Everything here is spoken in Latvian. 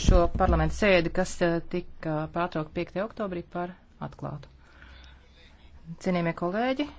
šo parlamentu sēdi, kas eh, tika pārtraukta 5. oktobrī par atklātu. Cienījamie kolēģi!